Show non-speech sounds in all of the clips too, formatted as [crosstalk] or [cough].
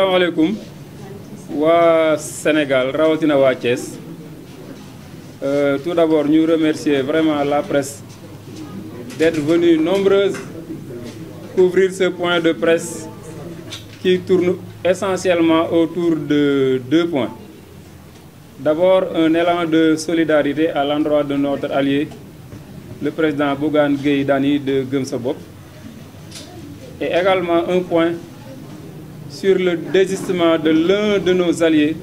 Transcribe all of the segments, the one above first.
asalaamaaleykum waa Sénégal rawatina waa Thiès euh, tout d'abord ñu remercier vraiment la presse d'être venue nombreuse couvrir ce point de presse qui tourne essentiellement autour de deux points. D'abord, un élan de solidarité à l'endroit de notre allié, le président Bougan Gaydani de Gumsobop. Et également un point sur le désistement de l'un de nos alliés,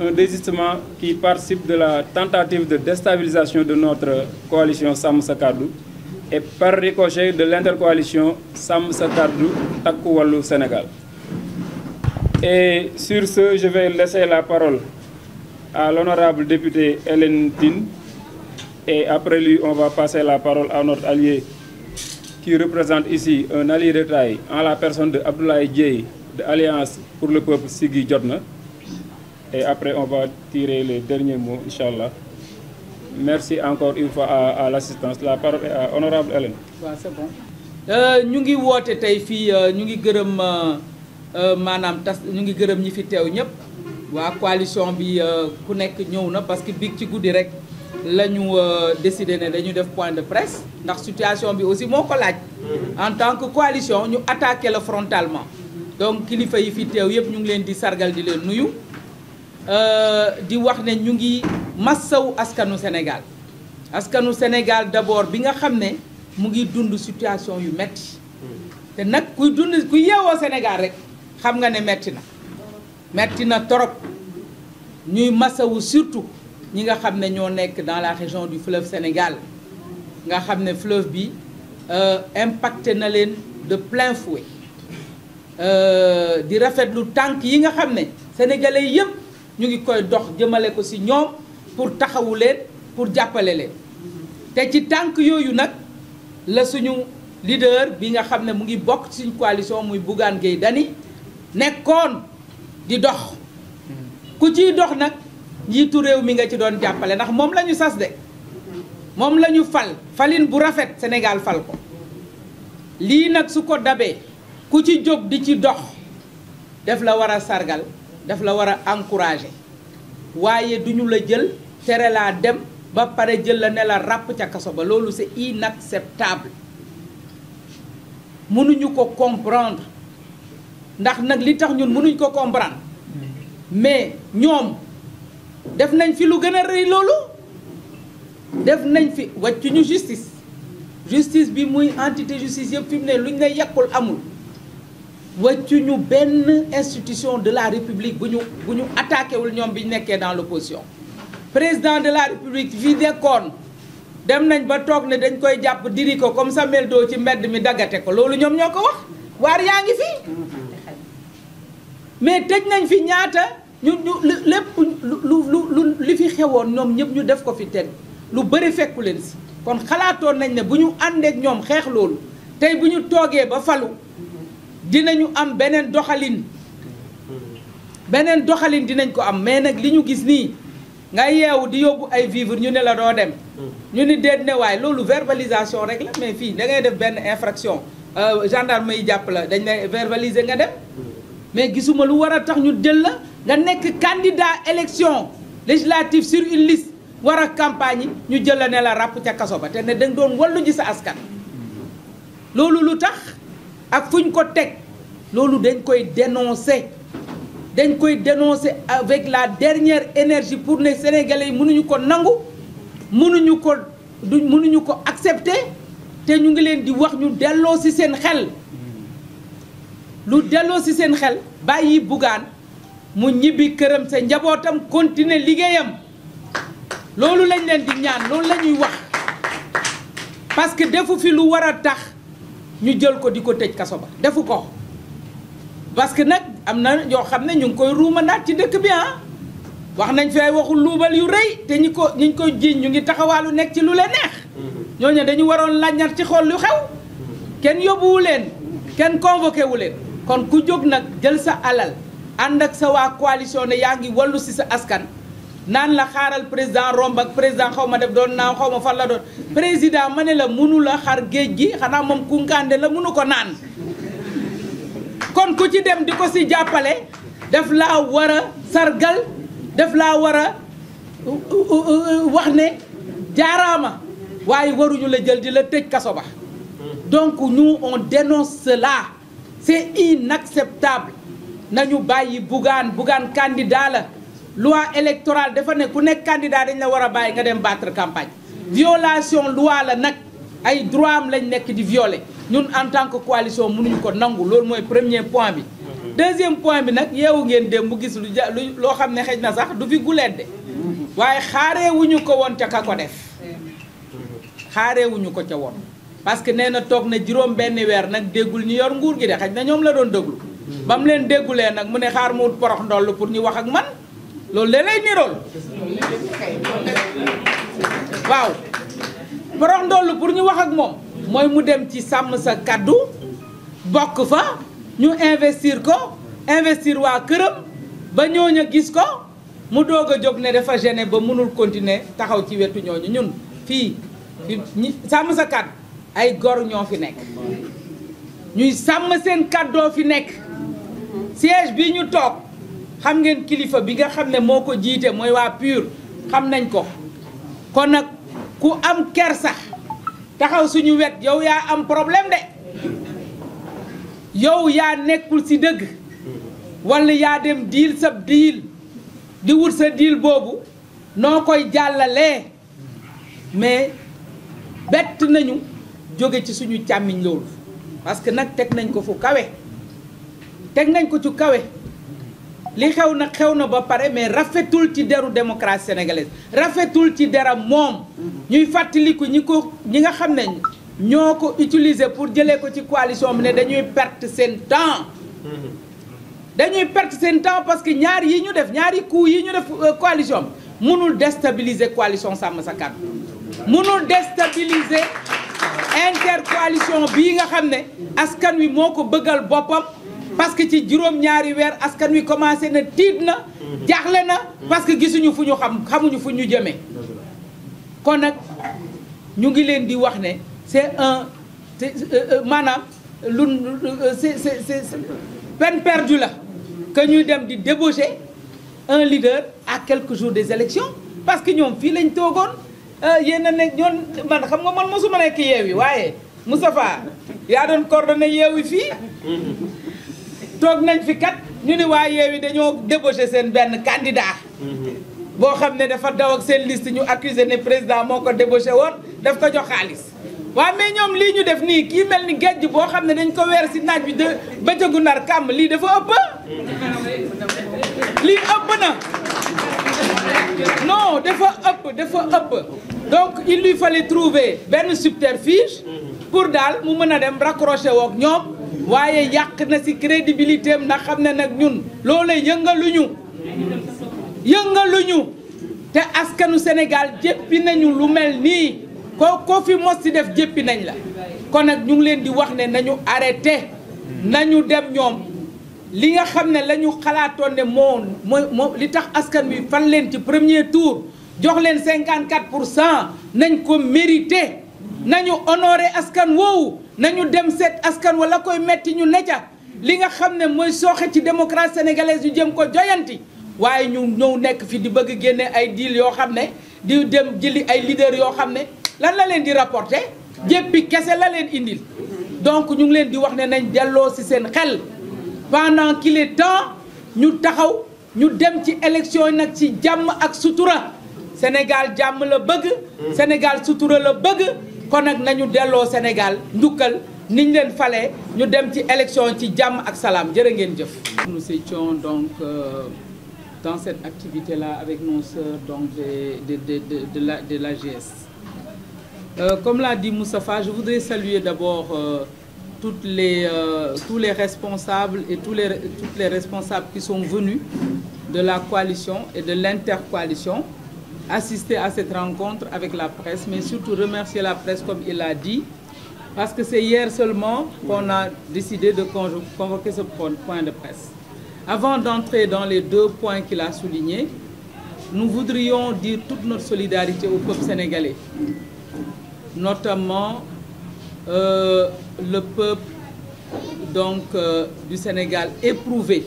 un désistement qui participe de la tentative de déstabilisation de notre coalition Sam Sakadou est par ricochet de l'intercoalition Sam Sakadou Takou Wallou Sénégal. Et sur ce, je vais laisser la parole à l'honorable député Hélène Tine et après lui, on va passer la parole à notre allié qui représente ici un allié en la personne de Abdoulaye j de Alliance pour le peuple jot na Et après, on va tirer les derniers mots, Inch'Allah. Merci encore une fois à, à l'assistance. La parole est à Honorable Hélène. Euh, ñu ngi woote tey fii euh, ñu ngi gërëm euh, maanaam tas ñu ngi gërëm ñi fi teew ñëpp waa coalition bi ku nekk ñëw na parce que biig ci guddi rek. la ñu euh, décidé ne dañu def point de presse ndax situation bi aussi moo ko laaj en tant que coalition ñu attaque la frontalement donc kilifa yi fi teew yëpp ñu ngi leen di sargal di leen nuyu euh, di wax ne ñu ngi massaw askanu Sénégal askanu Sénégal d'abord bi nga xam ne mu ngi dund situation yu metti te nag kuy dund kuy yeewoo Sénégal rek xam nga ne metti na metti na torop ñuy massawu surtout ñi nga xam ne ñoo nekk dans la région du fleuve Sénégal nga xam ne fleuve bi euh, impacté na leen de plein fouet euh, di rafetlu tànk yi nga xam ne sénégalais yëpp ñu ngi koy dox jëmale ko si ñoom pour taxawu leen pour jàppale leen te ci tànk yooyu nag la suñu leader bi nga xam ne mu ngi bokk ci suñu coalition muy Bougane géey dani nekkoon di dox hmm. ku ciy dox nag. njiitu réew mi nga ci doon jàppale ndax moom la ñu sas de moom lañu fal falin bu rafet Sénégal fal ko lii nag su ko dabee ku ci jóg di ci dox daf la war a sargal daf la war a encourager waaye du ñu la jël tere laa dem ba pare jël la ne la ràpp ca kaso ba loolu c'est inacceptable mënuñu ko comprendre ndax nag li tax ñun mënuñ ko comprendre mais ñoom def nañ fi lu gën a rëy loolu def nañ fi wàccuñu justice justice bi muy entité justice yëpp fi mu ne luñ lay yàqul amul wàccuñu benn institution de la république bu ñu bu ñu attaqué wul ñoom bi ñu nekkee dans l'opposition président de la république fi dekkoon dem nañ ba toog ne dañ koy jàpp diri ko comme Samuel Doe ci mbedd mi daggate ko loolu ñoom ñoo ko wax waar yaa ngi fi mm-hmm. mais tëj nañ fi ñaata ñu ñu lépp lu lu lu li fi xewoon ñoom ñëpp ñu def ko fi teg lu bëri fekku leen si kon xalaatoon nañ ne bu ñu àndeek ñoom xeex loolu tey bu ñu toogee ba falu dinañu am beneen doxalin beneen doxalin dinañ ko am mais nag li ñu gis nii nga yeewu di yóbbu ay vivre ñu ne la doo dem ñu ni déet ne waay loolu verbalisation rek la mais fii da ngay def benn infraction euh, gendarme yi jàpp la dañ ne verbaliser nga dem mais gisuma lu war a tax ñu jël la nga nekk candidat élection législative sur une liste war a campagne yi ñu jël la ne la ràpp ca kaso ba te ne dañ doon wallu ji sa askan loolu lu tax ak fuñ ko teg loolu dañ koy dénoncer dañ koy dénoncer avec la dernière énergie pour ne sénégalais yi mënuñu ko nangu mënuñu ko du mënuñu ko accepter te ñu ngi leen di wax ñu delloo ci seen xel lu delloo si seen xel bàyyi bugaan mu ñibbi këram sa njabootam continuer liggéeyam loolu lañ leen di ñaan loolu la ñuy wax parce que defu fi lu war a tax ñu jël ko di ko tëj kaso ba defu ko parce que nag am na ñoo xam ne ñu ngi koy ruuma ruumandaat ci dëkk bi ah wax nañ fi ay waxu luubal yu rey te ñi ko ñi koy jiiñ ñu ngi taxawaalu nekk ci lu leen neex mm-hmm. ñooñu dañu waroon laññar ci xool lu xew mm-hmm. kenn yóbbuwu leen kenn convoqué wu leen kon ku jóg nag jël sa alal ànd ak sa waa coalition ne yaa ngi wàllu si sa askan naan la xaaral président romb ak président xaw ma def doon naaw xaw ma fan la doon président ma ne la mënu la xar géej gi xanaa moom kunkaande la mënu ko naan kon ku ci dem di ko si jàppale daf laa wara a sargal daf laa war a wax ne jaaraama waaye waruñu la jël di la tëj kaso ba hmm. donc nous on dénonce cela c'est inacceptable nañu bàyyi Bougane Bougane candidat la loi électorale dafa ne ku nekk candidat dañu la war a bàyyi nga dem battre campagne violation loi la nag ay droit am lañ nekk di violer ñun en tant que coalition mënuñu ko nangu loolu mooy premier point bi deuxième point bi nag yeewu ngeen dem bu gis lu ja lu loo xam ne xëj na sax du fi guleet de waaye xaaree ko woon ca ka ko def xaaree ko ca woon parce que nee na toog na juróom benn weer nag déggul ñu yor nguur gi de xaj na ñoom la doon déglu ba mu leen déggulee nag mu ne xaar mu porox ndoll pour ñu wax ak loolu de lay nirool waaw porox ndoll pour ñu wax ak moom mooy mu dem ci sàmm sa kaddu bokk fa ñu investir ko investir waa këram ba ñooñu a gis ko mu doog a jóg ne dafa gene ba mënul continuer taxaw ci wetu ñooñu ñun fii sàmm sa kaddu ay gor ñoo fi nekk ñuy sàmm seen kàddoo fi nekk siège bi ñu toog xam ngeen kilifa bi nga xam ne moo ko jiite mooy waa PUR xam nañ ko kon nag ku am kersa taxaw suñu wet yow yaa am problème de yow yaa nekkul ci dëgg walla yaa dem diil sa diil di wut sa diil boobu noo koy jàllalee mais bett nañu jóge ci suñu càmmiñ loolu parce que nag teg nañ ko fu kawe teg nañ ko ci kawe li xew na xew na ba pare mais rafetul ci deru démocratie sénégalaise rafetul ci deram moom ñuy fàttaliku ñi ko ñi nga xam ne ñoo ko utiliser pour jëlee ko ci coalition bi ne dañuy perte seen temps dañuy perte seen temps parce que ñaar yi ñu def ñaari coup yi ñu def euh, coalition bi mënul destabiliser coalition sàmm sa kàddu mënul déstabiliser intercoalition bii nga xam ne askan wi moo ko bëggal boppam parce que ci juróom-ñaari weer askan wi commencé na tiit na jaaxle na parce que gisuñu fu ñu xam xamuñu fu ñu jëmee kon nag ñu ngi leen di wax ne c'est un euh, euh, maanaam lu euh, c'est c'est peine perdue la que ñuy dem di débaucher un leader à quelques jours des élections parce que ñoom fii lañ toogoon Ah, yéen ne ñoon man xam nga man mosuma nekk yeew yi waaye Moustapha yaa doon coordonné yeew yi fii toog nañ fi kat ñu ni waa yeew yi dañoo débauché seen benn candidat boo xam ne dafa daw ak seen liste ñu accusé ne président moo ko débauché woon daf ko jox xaalis waaw mais ñoom lii ñu def nii kii mel ni géej boo xam ne dañ ko weer si naaj bi de bëccëgu nar kàmm lii dafa ëpp lii ëpp na non dafa ëpp dafa ëpp donc il lui fallait trouver benn subterfuge pour daal mu mën a dem raccrocher wook ñoom waaye yàq na ci crédibilité am na xam ne nag ñun loole yëngaluñu yëngaluñu te askanu senegal jéppi nañu lu mel nii ko ko fi mos ci def jéppi nañ la kon nag ñu leen di wax ne nañu arrêté nañu dem ñoom li nga xam ne la ñu xalaatoon ne moo moo moo li tax askan wi fan leen ci premier tour jox leen 54 pour cent nañ ko mérité nañu honoré askan woowu nañu dem seet askan wala koy metti ñu ne ca li nga xam ne mooy sooxe ci démocratie sénégalaise ñu jëm ko joyanti waaye ñu ñëw nekk fii di bëgg génne ay deal yoo xam ne di dem jëli ay leaders yoo xam ne lan la leen di rapporter jéppi kese la leen indil donc ñu ngi leen di wax ne nañ delloo ci seen xel pendant qu'il temps ñu taxaw ñu dem ci élection nag ci jàmm ak sutura Sénégal jàmm la bëgg Sénégal sutura la bëgg kon nag nañu delloo Sénégal ndukkal niñ leen fale ñu dem ci élection ci jàmm ak salaam jërë ngeen jëf nous étions donc euh, dans cette activité la avec nos sœurs donc de de la de euh, comme l'a dit Moustapha je voudrais saluer d'abord euh, toutes les, euh, tous les responsables et tous les, toutes les responsables qui sont venus de la coalition et de l'intercoalition assister à cette rencontre avec la presse, mais surtout remercier la presse comme il l'a dit, parce que c'est hier seulement qu'on a décidé de convoquer ce point de presse. Avant d'entrer dans les deux points qu'il a soulignés, nous voudrions dire toute notre solidarité au peuple sénégalais, euh, le peuple donc euh, du Sénégal éprouvé,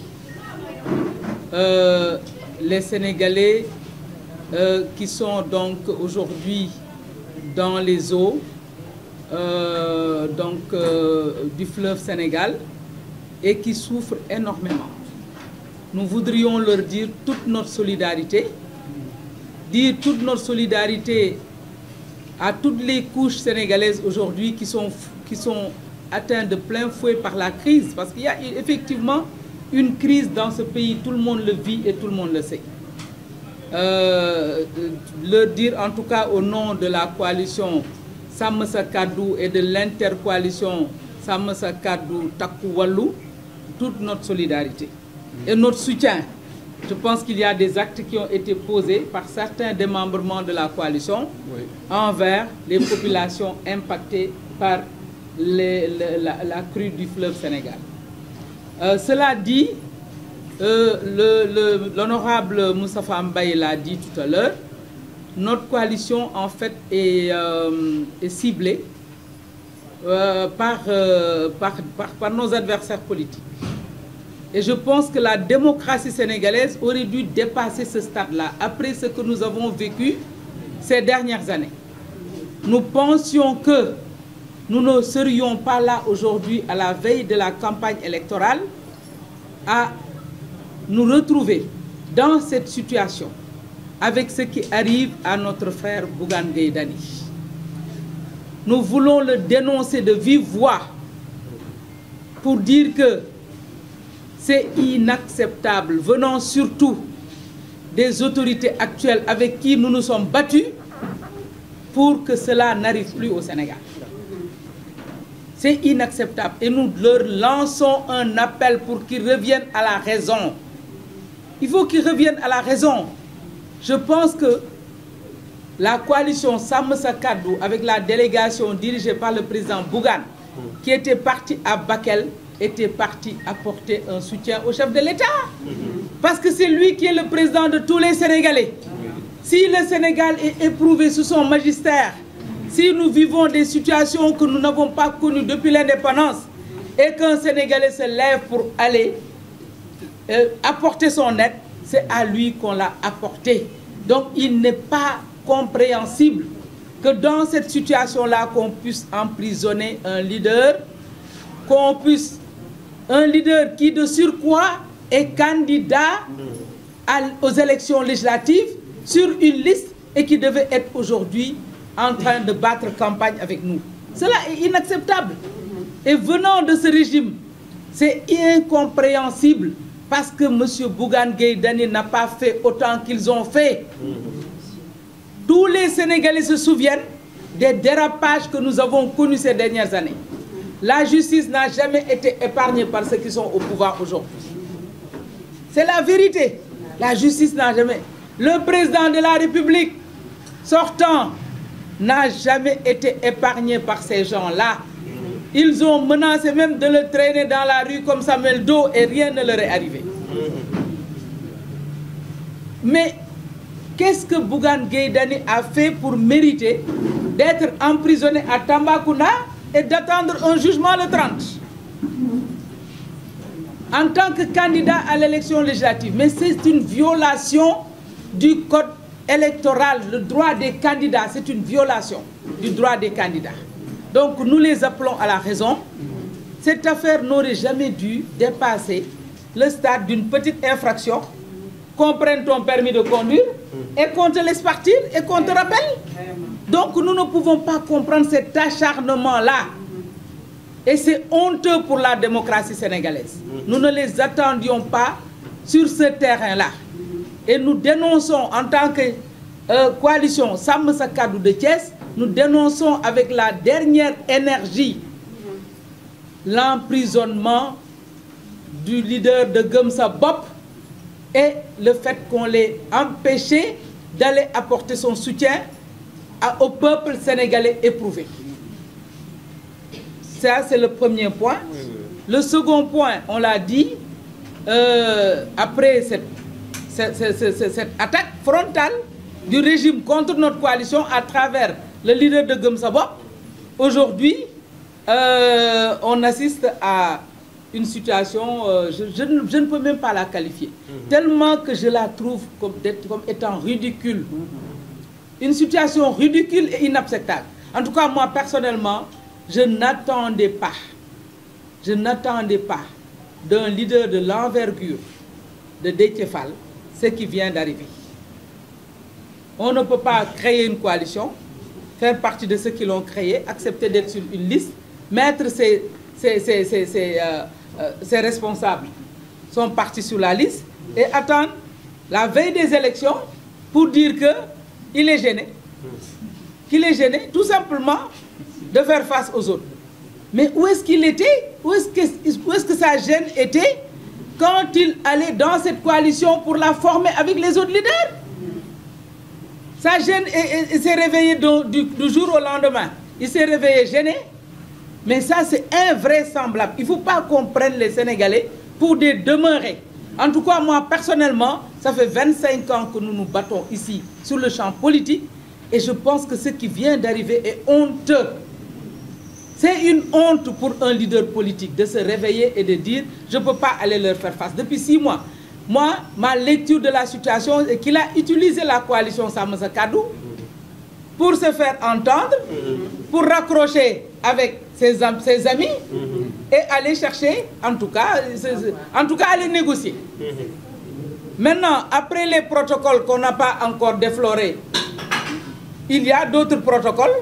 euh, les Sénégalais euh, qui sont donc aujourd'hui dans les eaux euh, donc euh, du fleuve Sénégal et qui souffrent énormément. Nous voudrions leur dire toute notre solidarité, dire toute notre solidarité à toutes les couches sénégalaises aujourd'hui qui sont, qui de plein fouet par la crise. Parce qu'il y a effectivement une crise dans ce pays, tout le monde le vit et tout le monde le sait. Euh, le dire en tout cas au nom de la coalition Sàmm Sa Kàddu et de l'intercoalition Sàmm Sa Kàddu Takku Wallu, toute notre solidarité et notre soutien. Je pense qu'il y a des actes qui ont été posés par certains démembrements de la coalition oui. envers les populations impactées par les, le, la, la, crue du fleuve Sénégal. Euh, cela dit, euh, l'honorable Moussa Mbaye l'a dit tout à l'heure, notre coalition en fait est, euh, est ciblée euh, par, euh, par, par, par nos adversaires politiques. je pense que la démocratie sénégalaise aurait dû dépasser ce stade-là, après ce que nous avons vécu ces dernières années. Nous pensions que nous ne serions pas là aujourd'hui, à la veille de la campagne électorale, à nous retrouver dans cette situation avec ce qui arrive à notre frère Bougane Gaydani. Nous voulons le dénoncer de vive voix pour dire que C'est inacceptable, venant surtout des autorités actuelles avec qui nous nous sommes battus pour que cela n'arrive plus au Sénégal. C'est inacceptable et nous leur lançons un appel pour qu'ils reviennent à la raison. Il faut qu'ils reviennent à la raison. Je pense que la coalition Sàmm Sa Kàddu avec la délégation dirigée par le président Bougane qui était parti à Bakel était parti apporter un soutien au chef de l'État. Parce que c'est lui qui est le président de tous les Sénégalais. Si le Sénégal est éprouvé sous son magistère, si nous vivons des situations que nous n'avons pas connues depuis l'indépendance, et qu'un Sénégalais se lève pour aller euh, apporter son aide, c'est à lui qu'on l'a apporté. Donc il n'est pas compréhensible que dans cette situation-là, qu'on puisse emprisonner un leader, qu'on puisse un leader qui de surcroît est candidat à, aux élections législatives sur une liste et qui devait être aujourd'hui en train de battre campagne avec nous. Cela est inacceptable. Et venant de ce régime, c'est incompréhensible parce que M. Bougan Gaydani n'a pas fait autant qu'ils ont fait. Tous les Sénégalais se souviennent des dérapages que nous avons connus ces dernières années. La justice n'a jamais été épargnée par ceux qui sont au pouvoir aujourd'hui. C'est la vérité. La justice n'a jamais. Le président de la République sortant n'a jamais été épargné par ces gens-là. Ils ont menacé même de le traîner dans la rue comme Samuel Do et rien ne leur est arrivé. Mais qu'est-ce que Bougane Gaydani a fait pour mériter d'être emprisonné à Tambacounda et d'attendre un jugement le 30 en tant que candidat à l'élection législative. Mais c'est une violation du code électoral, le droit des candidats, c'est une violation du droit des candidats. Donc nous les appelons à la raison. Cette affaire n'aurait jamais dû dépasser le stade d'une petite infraction qu'on prenne ton permis de conduire mm. et qu'on te laisse et qu'on te Donc nous ne pouvons pas comprendre cet acharnement-là. Et c'est honteux pour la démocratie sénégalaise. Mm. Nous ne les attendions pas sur ce terrain-là. Et nous dénonçons en tant que euh, coalition Sàmm Sa Kàddu de Thiès, nous dénonçons avec la dernière énergie mm. l'emprisonnement du leader de Gëm Sa Bopp et le fait qu'on l'ait empêché d'aller apporter son soutien à, au peuple sénégalais éprouvé. Ça, c'est le premier point. Le second point, on l'a dit, euh, après cette, cette, cette, cette, attaque frontale du régime contre notre coalition à travers le leader de Gumsabop, aujourd'hui, euh, on assiste à une situation, euh, je, je, ne, je, ne, peux même pas la qualifier, mmh. tellement que je la trouve comme, étant ridicule. Une situation ridicule et inacceptable. En tout cas, moi, personnellement, je n'attendais pas, je n'attendais pas d'un leader de l'envergure de Détefal ce qui vient d'arriver. On ne peut pas créer une coalition, faire partie de ceux qui l'ont créée, accepter d'être sur une liste, mettre ses, ses, Euh, ses responsables sont parti sur la liste et attendent la veille des élections pour dire qu'il est gêné. Qu'il est gêné tout simplement de faire face aux autres. Mais où est-ce qu'il était Où est-ce que, que, sa gêne était quand il allait dans cette coalition pour la former avec les autres leaders Sa gêne s'est réveillée du, du, jour au lendemain. Il s'est réveillé gêné, Mais ça, c'est invraisemblable. Il ne faut pas les Sénégalais pour des demeurés. En tout cas, moi, personnellement, ça fait 25 ans que nous nous battons ici sur le champ politique et je pense que ce qui vient d'arriver est une honte pour un politique de se et de dire « je ne peux pas six mois, moi, ma lecture de la situation est qu'il a utilisé la coalition Samasa Kadou pour se faire entendre, pour avec ses, am amis mm-hmm. et aller chercher, en tout cas, ses, en tout cas aller négocier. Mm-hmm. Maintenant, après les protocoles qu'on n'a pas encore déflorés, il y a d'autres protocoles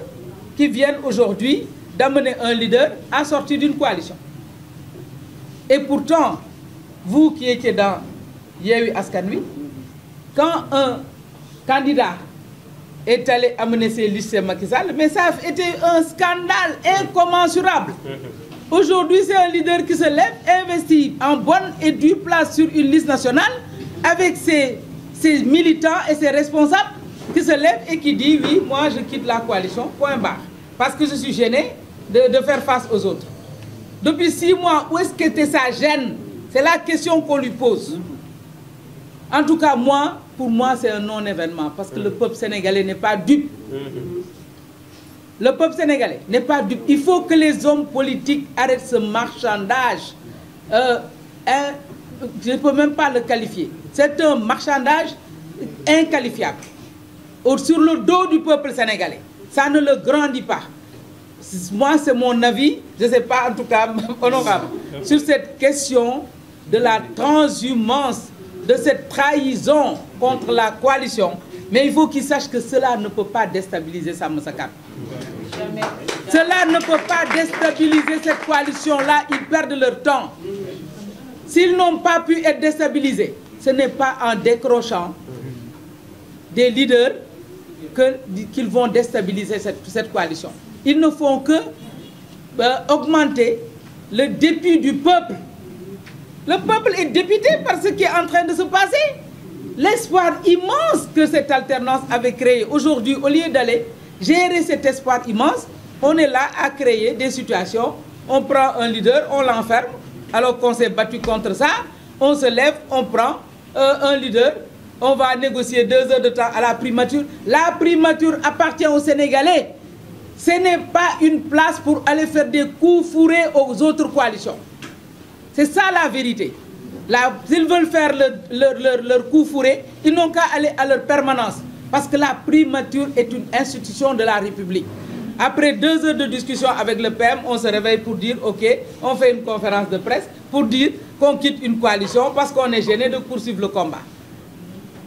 qui viennent aujourd'hui d'amener un leader à sortir d'une coalition. Et pourtant, vous qui étiez dans Yehui Askanui, quand un candidat est allé amener ses listes à Macky mais ça a un scandale incommensurable. Mm-hmm. Aujourd'hui, c'est un leader qui se lève, investit en bonne et due place sur une liste nationale avec ses, ses militants et ses responsables qui se lèvent et qui dit oui, moi je quitte la coalition, point barre. Parce que je suis gêné de, faire face aux autres. Depuis six mois, où est-ce qu'était sa gêne C'est la question qu'on lui pose. En tout cas, moi, pour moi, c'est un non-événement parce que le mm-hmm. peuple sénégalais n'est pas dupe. Mm-hmm. Le peuple sénégalais n'est pas dupe. Il faut que les hommes politiques arrêtent ce marchandage. Euh, un, je ne peux même pas le qualifier. C'est un marchandage inqualifiable. Sur le dos du peuple sénégalais. Ça ne le grandit pas. Moi, c'est mon avis, je ne sais pas en tout cas, [laughs] honorable, sur cette question de la transhumance de cette trahison contre la coalition, mais il faut qu'ils sachent que cela ne peut pas déstabiliser Samosakap. Cela ne peut pas déstabiliser cette coalition-là, ils perdent leur temps. S'ils n'ont pas pu être déstabilisés, ce n'est pas un décrochant des leaders qu'ils qu vont déstabiliser cette, cette, coalition. Ils ne font que euh, augmenter le dépit du peuple Le peuple est dépité par ce qui est en train de se passer. L'espoir immense que cette alternance avait créé. Aujourd'hui, au lieu d'aller gérer cet espoir immense, on est là à créer des situations. On prend un leader, on l'enferme, alors qu'on s'est battu contre ça. On se lève, on prend euh, un leader, on va négocier deux heures de temps à la primature. La primature appartient aux Sénégalais. Ce n'est pas une place pour aller faire des coups fourrés aux autres coalitions. C'est ça la vérité. S'ils veulent faire leur, leur, leur, leur coup fourré, ils n'ont qu'à aller à leur permanence. Parce que la primature est une institution de la République. Après deux heures de discussion avec le PM, on se réveille pour dire, OK, on fait une conférence de presse pour dire qu'on quitte une coalition parce qu'on est gêné de poursuivre le combat.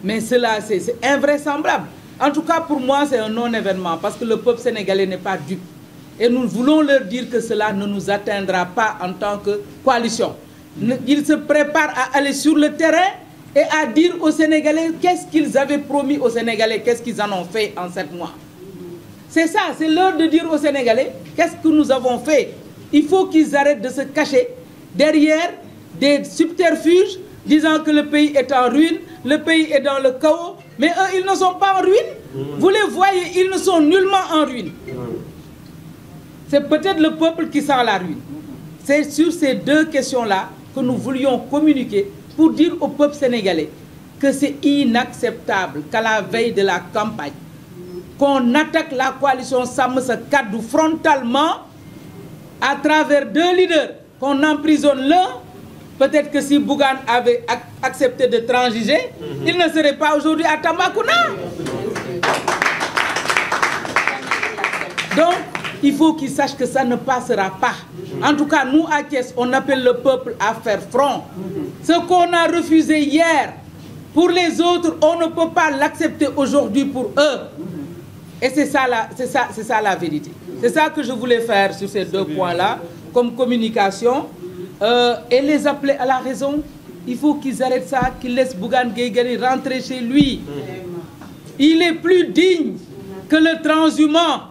Mais cela, c'est invraisemblable. En tout cas, pour moi, c'est un non-événement parce que le peuple sénégalais n'est Et nous voulons leur dire que cela ne nous atteindra pas en tant que coalition. Ils se préparent à aller sur le terrain et à dire aux Sénégalais qu'est-ce qu'ils avaient promis aux Sénégalais, qu'est-ce qu'ils en ont fait en sept mois. C'est ça, c'est l'heure de dire aux Sénégalais qu'est-ce que nous avons fait. Il faut qu'ils arrêtent de se cacher derrière des subterfuges disant que le pays est en ruine, le pays est dans le chaos, mais eux, ils ne sont pas en C'est peut-être le peuple qui sent la ruine. C'est sur ces deux questions-là que nous voulions communiquer pour dire au peuple sénégalais que c'est inacceptable qu'à la veille de la campagne, qu'on attaque la coalition Sàmm Sa Kàddu frontalement à travers deux leaders, qu'on emprisonne l'un. Peut-être que si Bougane avait ac accepté de transiger, mm -hmm. il ne serait pas aujourd'hui à Tambacounda. Donc, il faut qu'ils sachent que ça ne passera pas. En tout cas, nous, à Thiès, on appelle le peuple à faire front. Ce qu'on a refusé hier, pour les autres, on ne peut pas l'accepter aujourd'hui pour eux. Et c'est ça, c'est ça, c'est ça la vérité. C'est ça que je voulais faire sur ces deux points-là, comme communication, euh, et les appeler à la raison. Il faut qu'ils arrêtent ça, qu'ils laissent Bougane Gueye rentrer chez lui. Il est plus digne que le transhumant.